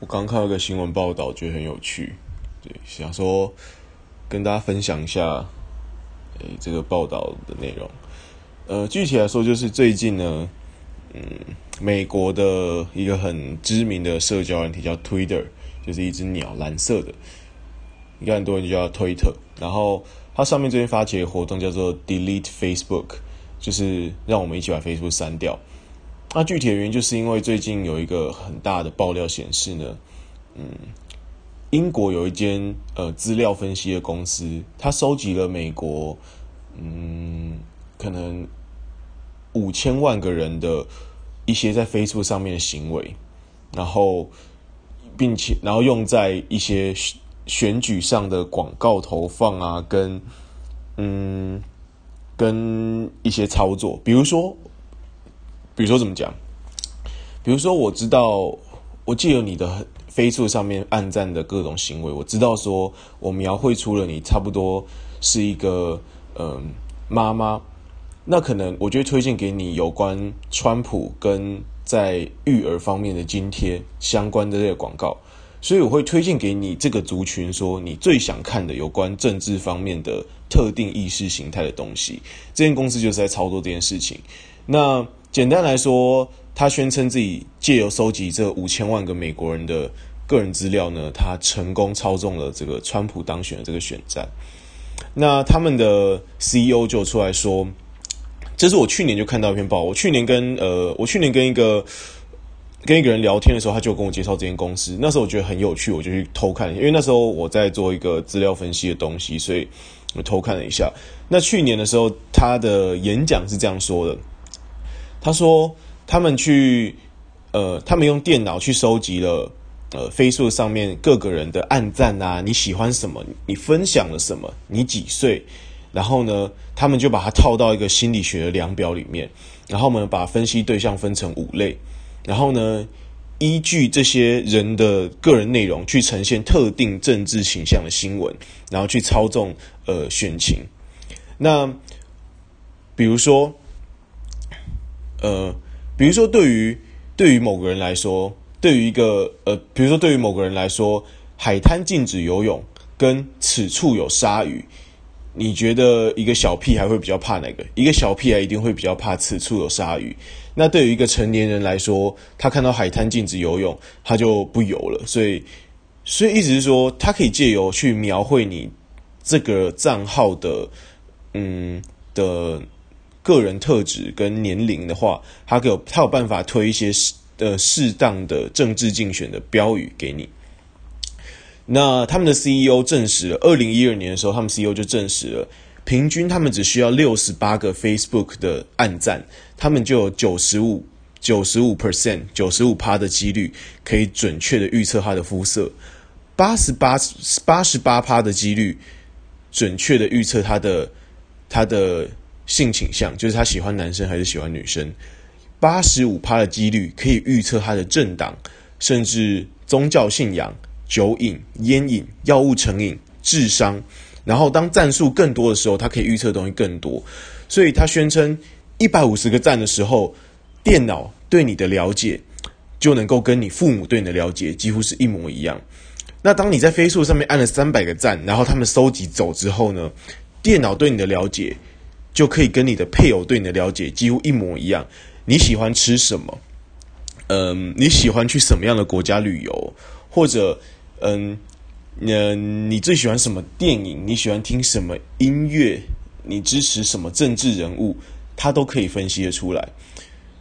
我剛看到一個新聞報道，覺得很有趣，對，想說跟大家分享一下，誒，這個報道的內容。呃，具體來說就是最近呢，嗯，美國的一個很知名的社交軟體叫 Twitter，就是一只鳥，藍色的，應該很多人就叫 Twitter。然後它上面最近發起一個活動叫做 Delete Facebook，就是讓我們一起把 Facebook 刪掉。那、啊、具體的原因，就是因為最近有一個很大的爆料顯示呢，嗯，英國有一間呃資料分析的公司，它收集了美國嗯可能五千萬個人的一些在 Facebook 上面的行為，然後並且然後用在一些選，選舉上的廣告投放啊，跟嗯跟一些操作，比如說。比如說怎麼講？比如說我知道，我記得你的 Facebook 上面按讚的各種行為，我知道說我描繪出了你差不多是一個嗯媽媽，那可能我就會推薦給你有關川普跟在育兒方面的津貼相關的這些廣告，所以我會推薦給你這個族群說你最想看的有關政治方面的特定意識形態的東西，這間公司就是在操作這件事情。那簡單來說，他宣稱自己借由收集這五千萬個美國人的個人資料呢，他成功操縱了這個川普當選的這個選戰。那他們的 CEO 就出來說：“這是我去年就看到一篇報，我去年跟呃，我去年跟一個跟一個人聊天的時候，他就跟我介紹這間公司。那時候我覺得很有趣，我就去偷看，因為那時候我在做一個資料分析的東西，所以我偷看了一下。那去年的時候，他的演講是這樣說的。”他說：“他們去，呃，他們用電腦去收集了，呃，Facebook 上面各個人的按讚啊，你喜歡什麼？你分享了什麼？你幾歲？然後呢，他們就把它套到一個心理學的量表裡面，然後我們把分析對象分成五類，然後呢，依據這些人的個人內容去呈現特定政治形象的新聞，然後去操縱呃選情。那比如說。”呃，比如說，對於對於某個人來說，對於一個呃，比如說，對於某個人來說，海灘禁止游泳跟此處有鯊魚，你覺得一個小屁孩會比較怕哪個？一個小屁孩一定會比較怕此處有鯊魚。那對於一個成年人來說，他看到海灘禁止游泳，他就不游了。所以，所以意思是說，他可以借由去描繪你這個賬號的，嗯的。個人特質跟年齡的話，他有他有辦法推一些適呃適當的政治競選的標語給你。那他們的 CEO 證實了，二零一二年的時候，他們 CEO 就證實了，平均他們只需要六十八個 Facebook 的按讚，他們就有九十五九十五 percent 九十五趴的幾率可以準確地預測他的膚色，八十八八十八趴的幾率準確地預測他的他的。性傾向，就是他喜歡男生還是喜歡女生，八十五趴的幾率可以預測他的政黨，甚至宗教信仰、酒癮、煙癮、藥物成癮、智商。然後當贊數更多的時候，他可以預測的東西更多。所以他宣稱一百五十個贊的時候，電腦對你的了解就能夠跟你父母對你的了解幾乎是一模一樣。那當你在飛速上面按了三百個贊，然後他們蒐集走之後呢，電腦對你的了解。就可以跟你的配偶對你的了解幾乎一模一樣。你喜歡吃什麼？嗯，你喜歡去什麼樣的國家旅遊？或者嗯，嗯，你最喜歡什麼電影？你喜歡聽什麼音樂？你支持什麼政治人物？他都可以分析得出來。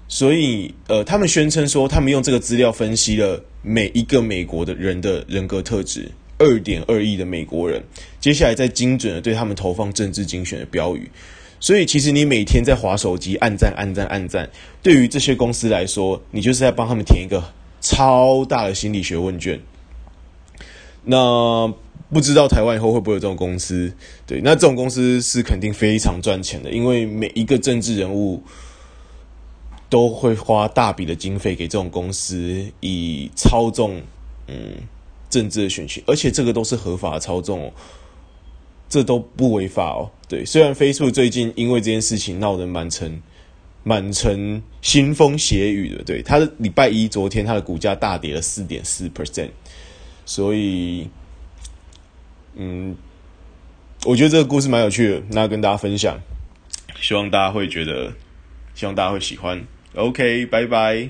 所以，呃，他們宣稱說，他們用這個資料分析了每一個美國的人的人格特質，二點二億的美國人，接下來再精準的對他們投放政治競選的標語。所以，其實你每天在滑手機、按讚、按讚、按讚，對於這些公司來說，你就是在幫他們填一個超大的心理學問卷。那不知道台灣以後會不會有這種公司？對，那這種公司是肯定非常賺錢的，因為每一個政治人物都會花大筆的經費給這種公司，以操縱，嗯，政治的選區，而且這個都是合法的操縱哦。這都不違法哦，對。雖然 Facebook 最近因為這件事情鬧得滿城滿城腥風血雨的，對，他的禮拜一昨天他的股價大跌了四點四 percent，所以，嗯，我覺得這個故事蠻有趣的，那要跟大家分享，希望大家會覺得，希望大家會喜歡。OK，拜拜。